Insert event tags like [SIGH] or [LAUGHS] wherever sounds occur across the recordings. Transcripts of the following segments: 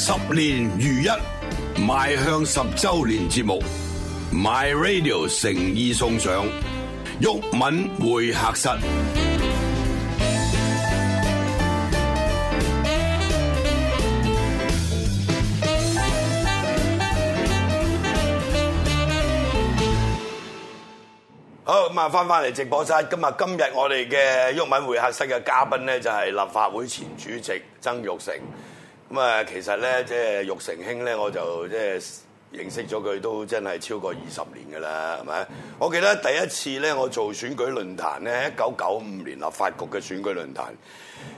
十年如一，邁向十周年節目，My Radio 誠意送上。毓民會客室。好咁啊，返返嚟直播室。咁啊，今日我哋嘅毓民會客室嘅嘉賓咧，就係立法會前主席曾鈺成。咁啊，其實咧，即係鈺成兄咧，我就即係認識咗佢都真係超過二十年噶啦，係咪？我記得第一次咧，我做選舉論壇咧，一九九五年立法局嘅選舉論壇，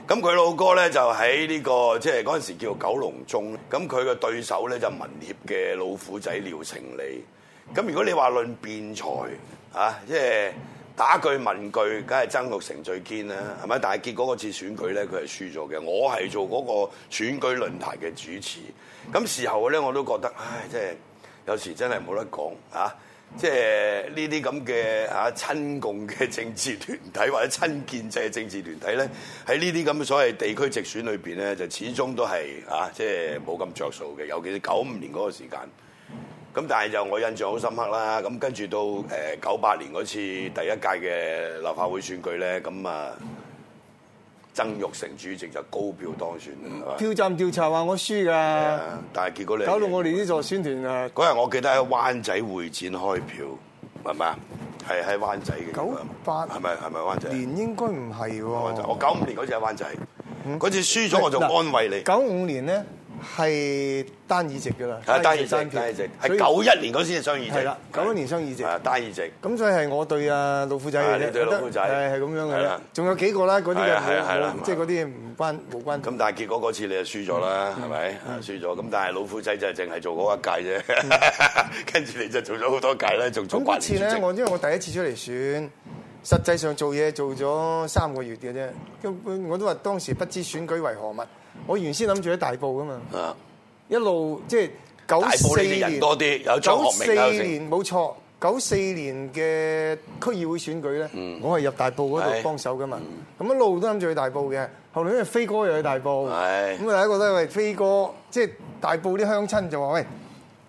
咁佢老哥咧就喺呢、呢個即係嗰陣時叫九龍中，咁佢嘅對手咧就民協嘅老虎仔廖成利，咁如果你話論辯才啊，即係。打句問句，梗係曾鈺成最堅啦，係咪？但係結果嗰次選舉咧，佢係輸咗嘅。我係做嗰個選舉論壇嘅主持，咁時候咧我都覺得，唉，真係有時真係冇得講啊！即係呢啲咁嘅啊親共嘅政治團體或者親建制嘅政治團體咧，喺呢啲咁嘅所謂地區直選裏面咧，就始終都係啊，即係冇咁着數嘅。尤其是九五年嗰個時間。咁但係就我印象好深刻啦，咁跟住到誒九八年嗰次第一屆嘅立法會選舉咧，咁啊，曾鈺成主席就高票當選。票站調查話我輸㗎。但係結果你搞到我哋呢座宣團啊！嗰日我記得喺灣仔會展開票，係咪啊？係喺灣仔嘅。九八係咪係咪灣仔？年應該唔係喎。我九五年嗰次喺灣仔，嗰次輸咗我就安慰你。九五年咧。係單議席噶啦，單議席，單議席，係九一年嗰先雙議席。係啦，九一年雙議席，單議席。咁所以係我對啊老，老夫仔，你對老夫仔，係咁樣嘅。仲有幾個啦？嗰啲啊，即係嗰啲唔關冇關。咁但係結果嗰次你就輸咗啦，係、嗯、咪？啊、嗯，輸咗。咁但係老夫仔就淨係做嗰一屆啫，跟、嗯、住你就做咗好多屆啦，仲做。咁嗰次咧，我因為我第一次出嚟選，實際上做嘢做咗三個月嘅啫。根本我都話當時不知選舉為何物。我原先諗住喺大埔噶嘛，是一路即係九四年多啲，九四年冇錯，九四年嘅區議會選舉咧、嗯，我係入大埔嗰度幫手噶嘛，咁一路都諗住去大埔嘅，後嚟因為飛哥又去大埔，咁啊大家覺得喂，飛哥即係、就是、大埔啲鄉親就話喂，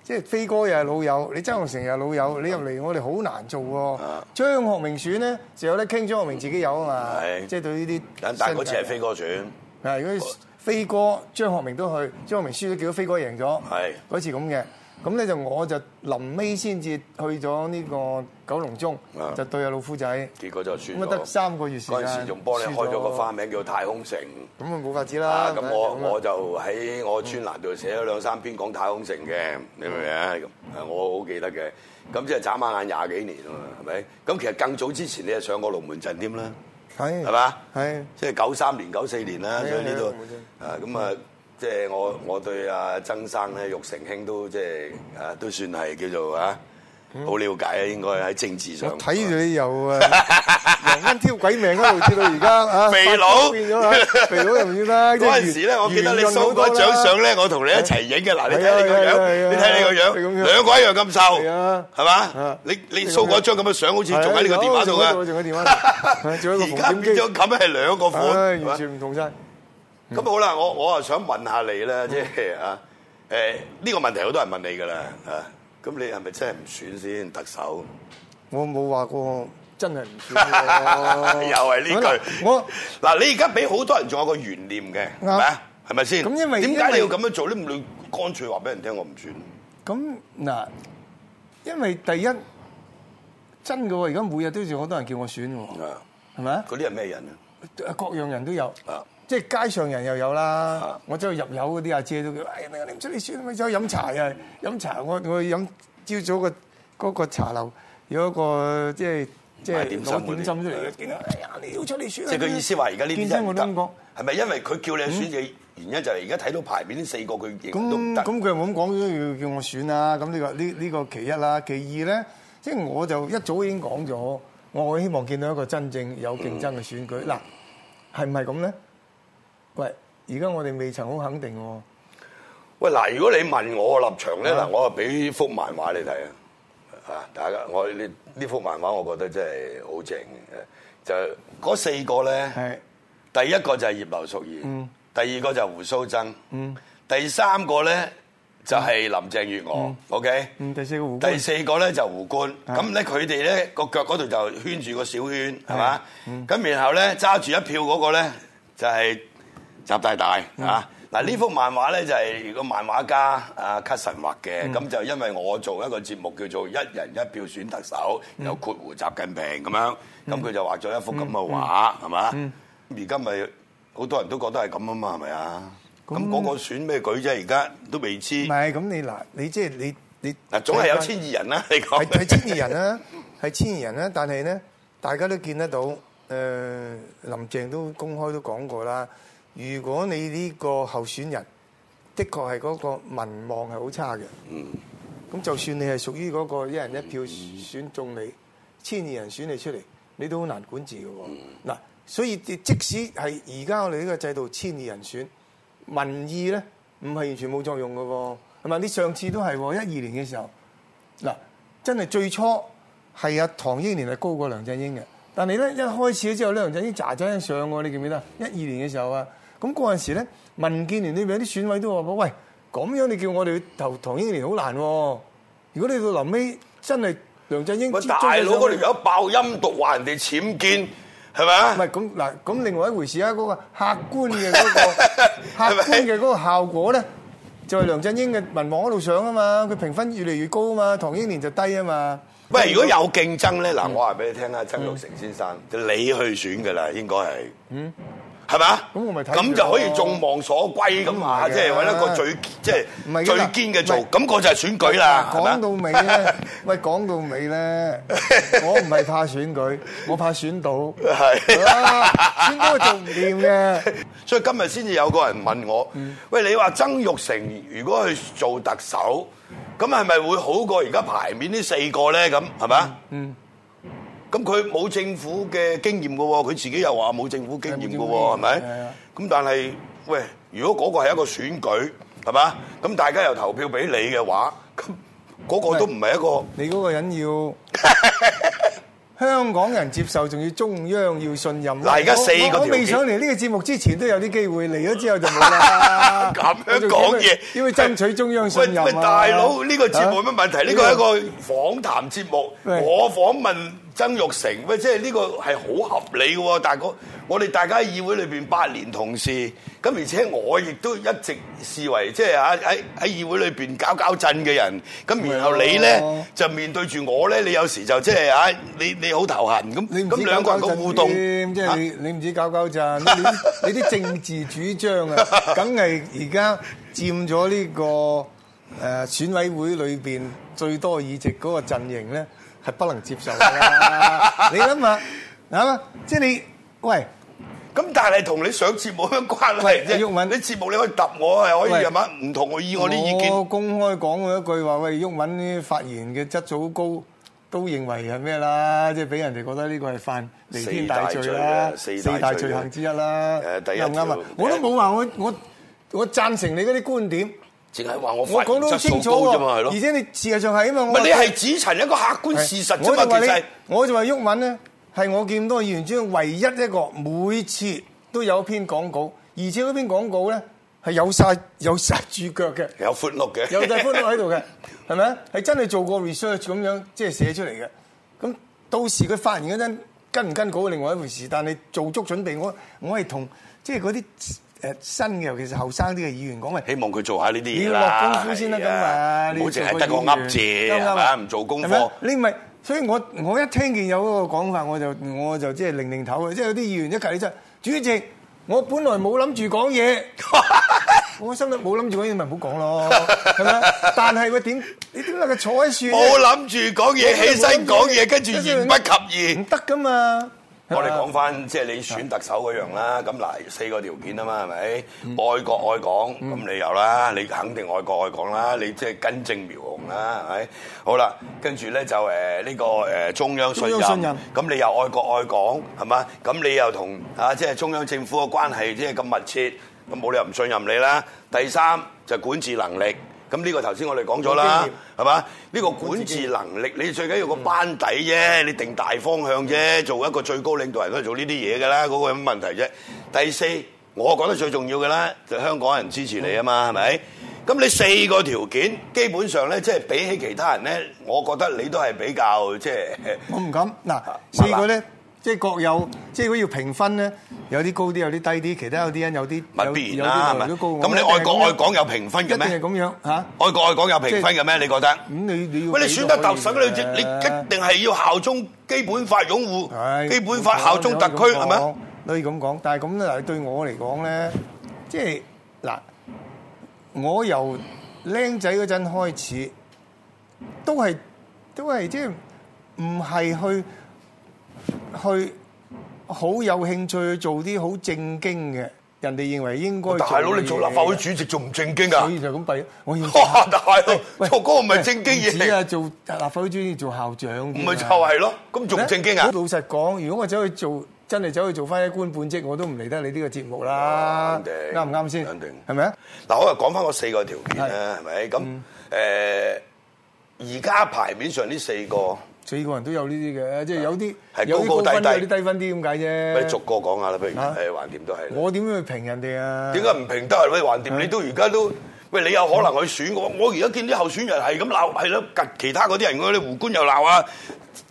即、就、係、是、飛哥又係老友，你張學明又係老友，嗯、你入嚟我哋好難做喎，張學明選咧，就有得傾，張學明自己有啊嘛，即係、就是、對呢啲，但係嗰次係飛哥選，係如果。飛哥張學明都去，張學明輸都叫多，飛哥贏咗。係嗰次咁嘅，咁咧就我就臨尾先至去咗呢個九龍中，就對阿老夫仔，結果就輸咗。咁得三個月時間，嗰陣時仲幫你開咗個花名叫太空城。咁啊冇法子啦。咁我我就喺我專欄度寫咗兩三篇講太空城嘅，你明唔明？啊，我好記得嘅。咁即係眨下眼廿幾年啊嘛，係咪？咁其實更早之前你就上過龍門陣添啦。係係嘛？係，即係九三年、九四年啦，所以呢度啊，咁啊，即係我，我對阿曾生咧，鈺成兄都即係啊，都算係叫做啊。好了解啊，應該喺政治上睇住你有啊，蚊挑鬼命啊，做到而家啊，肥佬變咗啊，肥佬又唔見啦。嗰陣時咧，我記得你掃嗰張相咧，我同你一齊影嘅。嗱，你睇你個樣，你睇你個樣，兩個一樣咁瘦，係嘛？你你掃嗰張咁嘅相，好似仲喺你個電話度嘅，仲喺電話度。而家變咗咁咧，係兩個款，完全唔同曬。咁好啦，我我啊想問下你啦，即係啊，誒呢個問題好多人問你噶啦，啊。咁你係咪真係唔選先特首？我冇話過，真係唔選， [LAUGHS] 這、 [LAUGHS] [LAUGHS] 啊、選。又係呢句，我嗱你而家俾好多人仲有個懸念嘅，係咪啊？係咪先？咁因為點解你要咁樣做咧？你乾脆話俾人聽，我唔選。咁嗱，因為第一真㗎喎，而家每日都要好多人叫我選喎，係咪啊？嗰啲係咩人啊？各樣人都有。啊即係街上人又有啦，我走去入油嗰啲阿姐都叫，哎呀，你唔出嚟選咪走去飲茶呀？飲茶我我飲朝早個嗰茶樓有一個即係即係點心出嚟？見到哎呀你唔出嚟選。即係佢意思話，而家呢啲真係唔得。係咪因為佢叫你選嘅原因就係而家睇到牌面呢四個佢亦都咁咁佢冇咁講要叫我選啊？咁呢、呢個呢呢、呢個其一啦，其二咧，即係我就一早已經講咗，我希望見到一個真正有競爭嘅選舉。嗱、嗯，係唔係咁咧？是喂，而家我哋未曾好肯定喎、啊。喂，嗱，如果你問我立場咧，嗱，我就俾幅漫畫你睇啊，吓，大家我呢呢幅漫畫我覺得真係好正嘅，就嗰四個咧，係第一個就係葉劉淑儀，嗯，第二個就係鬍鬚曾，嗯，第三個咧就係林鄭月娥、嗯、，OK，第四個胡，第四個咧就係胡官，咁咧佢哋咧個腳嗰度就圈住個小圈，係嘛，咁、嗯、然後咧揸住一票嗰個咧就係、是。習大大啊嗱！呢幅漫畫咧就係個漫畫家阿卡神畫嘅，咁就因為我做一個節目叫做《一人一票選特首》，有括弧習近平咁樣，咁佢就畫咗一幅咁嘅畫，係嘛？而家咪好多人都覺得係咁啊嘛，係咪啊？咁嗰個選咩舉啫？而家都未知。唔係咁，你嗱，你即係你你嗱，總係有千二人啦，你講係千二人啦，係千二人啦，但係咧，大家都見得到，誒，林鄭都公開都講過啦。如果你呢個候選人，的確係嗰個民望係好差嘅，咁就算你係屬於嗰個一人一票選中你，千二人選你出嚟，你都好難管治嘅喎。嗱、嗯，所以即使係而家我哋呢個制度千二人選，民意咧唔係完全冇作用嘅喎。係咪？你上次都係喎，一二年嘅時候，嗱，真係最初係阿唐英年係高過梁振英嘅，但係咧一開始之後咧，梁振英炸咗一上喎，你記唔記得？一二年嘅時候啊。咁嗰陣時咧，民建聯呢邊有啲選委都話：喂，咁樣你叫我哋投唐英年好難喎。如果你到臨尾真係梁振英，我大佬嗰條友爆陰毒話人哋僭建，係咪啊？唔係咁嗱，咁另外一回事啊。嗰個客觀嘅嗰個客觀嘅嗰個效果咧，就係梁振英嘅民望嗰度上啊嘛，佢評分越嚟越高啊嘛，唐英年就低啊嘛。喂，如果有競爭咧，嗱，我話俾你聽啊，曾鈺成先生，你去選㗎啦，應該係。嗯。係嘛？咁我咪咁、那個、就可以眾望所歸咁啊！即係為一個最即係、唔係、最堅嘅做，咁、個就係選舉啦。講到尾咧，喂，講到尾咧，我唔係怕選舉， [LAUGHS] 我怕選， [LAUGHS] 選到。係應該係做唔掂嘅。所以今日先至有個人問我：嗯、喂，你話曾鈺成如果去做特首，咁係咪會好過而家排面呢四個咧？咁係咪？」嗯。嗯咁佢冇政府嘅經驗嘅喎，佢自己又話冇政府經驗嘅喎，係咪？咁但係喂，如果嗰個係一個選舉係嘛？咁大家又投票俾你嘅話，咁嗰個都唔係一個。你嗰個人要香港人接受，仲要中央要信任。嗱，而家四個條。我未想嚟呢個節目之前都有啲機會，嚟咗之後就冇啦。咁樣講嘢，要佢爭取中央信任。喂，大佬，呢個節目有乜問題？呢個係一個訪談節目，我訪問。曾鈺成，喂，即係呢個係好合理嘅喎，大哥，我哋大家喺議會裏面八年同事，咁而且我亦都一直視為，即係喺喺喺議會裏邊搞搞震嘅人，咁然後你咧就面對住我咧，你有時就、就是、搞搞即係啊，你你好頭痕，咁你兩個搞搞互動即你你唔知搞搞震，你啲政治主張啊，梗係而家佔咗呢、這個誒、呃、選委會裏面最多議席嗰個陣營咧。 [LAUGHS] 嗯係不能接受噶啦！ [LAUGHS] 你諗下，啊，即、就、係、是、你喂咁，但係同你上節目有咩關係啫？毓民，你節目你可以揼我，係可以係嘛？唔同我意，我啲意見。我公開講過一句話喂，毓民啲發言嘅質素高，都認為係咩啦？即係俾人哋覺得呢個係犯彌天大罪啦，四大罪行之一啦。第一唔啱啊？我都冇話我我我贊成你嗰啲觀點。淨係話我發我講得好清楚喎，而且你事實上係因為，我你係指陳一個客觀事實，我就話你，我就話毓民咧，係我見到嘅議員之中，唯一一個每次都有一篇廣告，而且嗰篇廣告咧係有晒有殺住腳嘅，有闊落嘅，有隻闊落喺度嘅，係咪啊？係 [LAUGHS] 真係做過 research 咁樣，即係寫出嚟嘅。咁到時佢發言嗰陣跟唔跟稿係另外一回事，但係做足準備，我我係同即係嗰啲。就是誒新嘅，尤其是後生啲嘅議員講，咪希望佢做下呢啲嘢啦。要落功夫先得噶嘛，唔好淨係得個噏字嚇，唔做功課。你唔係，所以我我一聽見有嗰個講法，我就我就即係擰擰頭嘅，即係有啲議員一計出，主席，我本來冇諗住講嘢，我心諗冇諗住講嘢咪唔好講咯，係咪？但係喂點？你點解佢坐喺樹？冇諗住講嘢，起身講嘢，跟住言不及義，唔得噶嘛。我哋講翻即係你選特首嗰樣啦，咁嗱四個條件啊嘛，係咪、嗯？愛國愛港，咁你有啦，你肯定愛國愛港啦，你即係根正苗紅啦，係咪？好啦，跟住咧就誒呢個誒中央信任，咁你又愛國愛港係嘛？咁你又同啊即係中央政府嘅關係即係咁密切，咁冇理由唔信任你啦。第三就管治能力。咁、這、呢個頭先我哋講咗啦，係嘛？呢、這個管治能力，你最緊要個班底啫，你定大方向啫，做一個最高領導人都係做呢啲嘢㗎啦，嗰、那個有乜問題啫？第四，我覺得最重要嘅啦，就是、香港人支持你啊嘛，係咪？咁你四個條件，基本上咧，即、就、係、是、比起其他人咧，我覺得你都係比較即係、就是。我唔敢嗱、啊，四個咧。慢慢即係各有，即係如果要評分咧，有啲高啲，有啲低啲，其他有啲人有啲有啲高。咁你愛國愛港有評分嘅咩？一定係咁樣吓。愛國愛港有評分嘅咩？你覺得？咁你你要，喂你選得特首你你一定係要效忠基本法擁護，基本法效忠特區係咪？可以咁講，但係咁嗱對我嚟講咧，即係嗱，我由僆仔嗰陣開始，都係都係即係唔係去。去好有興趣去做啲好正經嘅，人哋認為應該，大佬你做立法會主席仲唔正經啊？所以就咁弊，我、哦、吓大佬做嗰個唔係正經嘢，做立法會主席做校長，唔係就係咯。咁仲正經啊？老實講，如果我走去做真係走去做翻一官半職，我都唔嚟得你呢個節目啦。啱唔啱先？肯定係咪啊？嗱，我又講翻我四個條件啦，係咪？咁誒，而家牌面上呢四個。每個人都有呢啲嘅，即係有啲有高高低低，啲低分啲咁解啫。咪逐個講下啦，不如誒橫掂都係。我點樣去評人哋啊？點解唔評得？喂，橫掂，你都而家都喂你有可能去選我。我而家見啲候選人係咁鬧，係咯，及其他嗰啲人嗰啲胡官又鬧啊，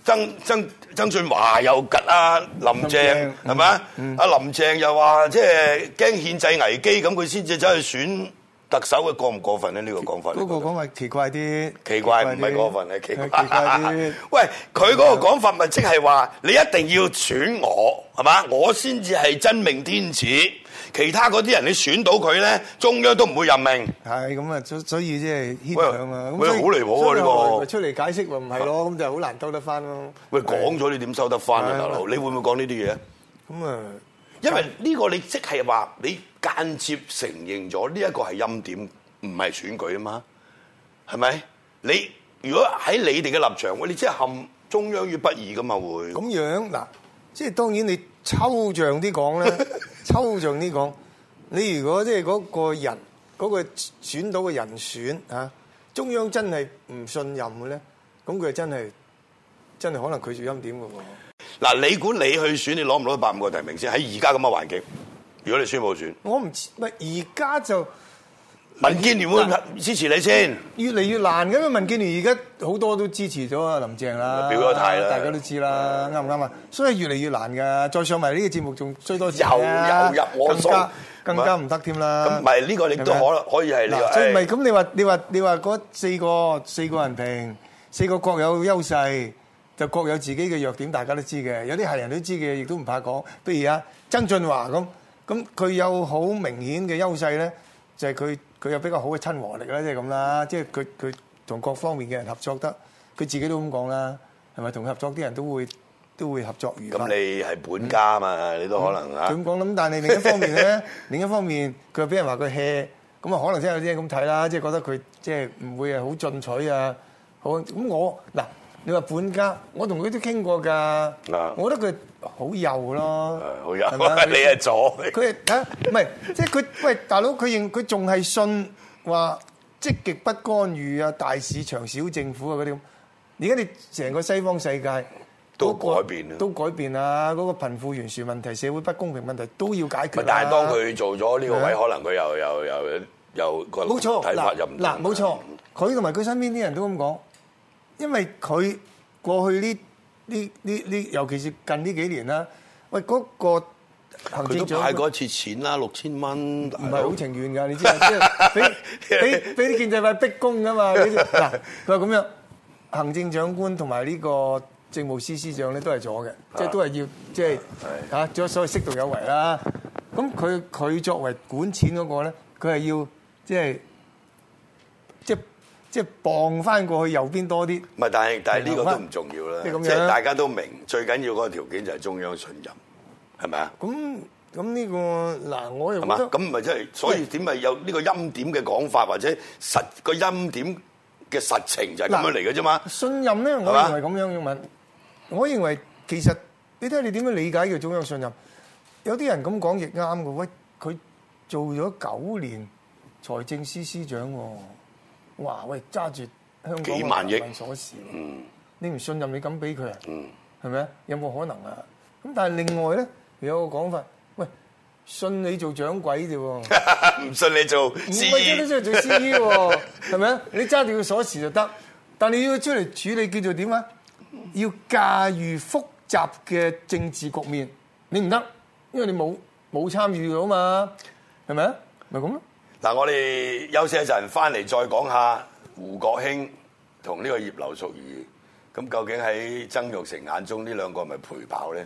曾曾曾俊華又吉啊，林鄭係咪啊？阿、嗯、林鄭又話即係驚憲制危機，咁佢先至走去選。特首嘅過唔過分咧？呢、這個講法嗰、那個講法奇怪啲，奇怪唔係過分係奇怪，是奇怪 [LAUGHS] 喂，佢嗰個講法咪即係話，你一定要選我係嘛，我先至係真命天子，其他嗰啲人你選到佢咧，中央都唔會任命。係咁啊，所所以即係牽強啊。喂，好離譜啊！呢個出嚟解釋咪唔係咯，咁就好難收得翻咯。喂，講咗你點收得翻啊？大佬，你會唔會講呢啲嘢？咁、嗯、啊、嗯，因為呢個你即係話你。間接承認咗呢一個係欽點，唔係選舉啊嘛，係咪？你如果喺你哋嘅立場，你即係陷中央於不義噶嘛會？咁樣嗱，即係當然你抽象啲講咧， [LAUGHS] 抽象啲講，你如果即係嗰個人嗰、嗰個選到嘅人選啊，中央真係唔信任嘅咧，咁佢真係真係可能拒絕欽點嘅喎。嗱，你估你去選，你攞唔攞到百五個提名先？喺而家咁嘅環境。如果你宣佈選，我唔知。係而家就民建聯會支持你先，越嚟越難咁啊！民建聯而家好多都支持咗阿，林鄭啦，表咗態啦，大家都知啦，啱唔啱啊？所以越嚟越難噶，再上埋呢個節目仲衰多啲啊！又入我所更加更加唔得添啦！咁唔係呢個你都可以是是可以係呢個？所以唔係咁，你話你話你話嗰四個四個人平，四個各有優勢，就各有自己嘅弱點，大家都知嘅。有啲係人都知嘅，亦都唔怕講。不如啊，曾俊華咁。咁佢有好明顯嘅優勢咧，就係佢佢有比較好嘅親和力啦，即係咁啦，即係佢佢同各方面嘅人合作得，佢自己都咁講啦，係咪同佢合作啲人都會都會合作愉快？咁你係本家嘛，你都可能嚇咁講。咁但係另一方面咧，另一方面佢又俾人話佢 hea，咁啊可能真係有啲人咁睇啦，即係覺得佢即係唔會係好進取啊。好咁我嗱。你話本家，我同佢都傾過㗎。嗱、啊，我覺得佢好幼咯。誒、嗯，好幼，你係左。佢 [LAUGHS] 啊，唔係，即係佢。喂，大佬，佢認佢仲係信話積極不干預啊，大市場小政府啊嗰啲。而家你成個西方世界都改變，都改變啊！嗰、嗰個嗰個貧富懸殊問題、社會不公平問題都要解決。但係當佢做咗呢個位，可能佢又又又又個睇法又唔同。嗱，冇錯，佢同埋佢身邊啲人都咁講。因為佢過去呢呢呢呢，尤其是近呢幾年啦，喂嗰、那個行政長官佢都派次錢啦，六千蚊唔係好情願噶 [LAUGHS] 你知唔知？俾俾俾啲建制派逼供噶嘛嗱，佢話咁樣，行政長官同埋呢個政務司司長咧都係咗嘅，即係都係要即係吓，咗、就是啊、所謂適度有為啦。咁佢佢作為管錢嗰個咧，佢係要即係即。就是就是即係傍翻過去右邊多啲，唔係，但係但係呢個都唔重要啦。即係大家都明，最緊要嗰個條件就係中央信任，係咪啊？咁咁呢個嗱，我又覺得咁唔係真係，所以點解有呢個欽點嘅講法，或者實個欽點嘅實情就係咁樣嚟嘅啫嘛。信任咧，我認為咁樣要問，我認為其實你睇下你點樣理解嘅中央信任？有啲人咁講亦啱嘅，喂，佢做咗九年財政司司長。哇！喂，揸住香港幾萬億嘅鎖匙，你唔信任你敢俾佢啊？係咪啊？有冇可能啊？咁但係另外咧，有個講法，喂，信你做掌櫃啫喎，唔 [LAUGHS] 信你做，唔係應該出嚟做 CEO 喎？係咪 [LAUGHS] 啊？你揸住個鎖匙就得，但你要出嚟處理叫做點啊？要駕馭複雜嘅政治局面，你唔得，因為你冇冇參與到嘛？係咪啊？咪咁咯。嗱，我哋休息一陣，返嚟再講下胡國興同呢個葉劉淑儀，咁究竟喺曾鈺成眼中呢兩個係咪陪跑咧？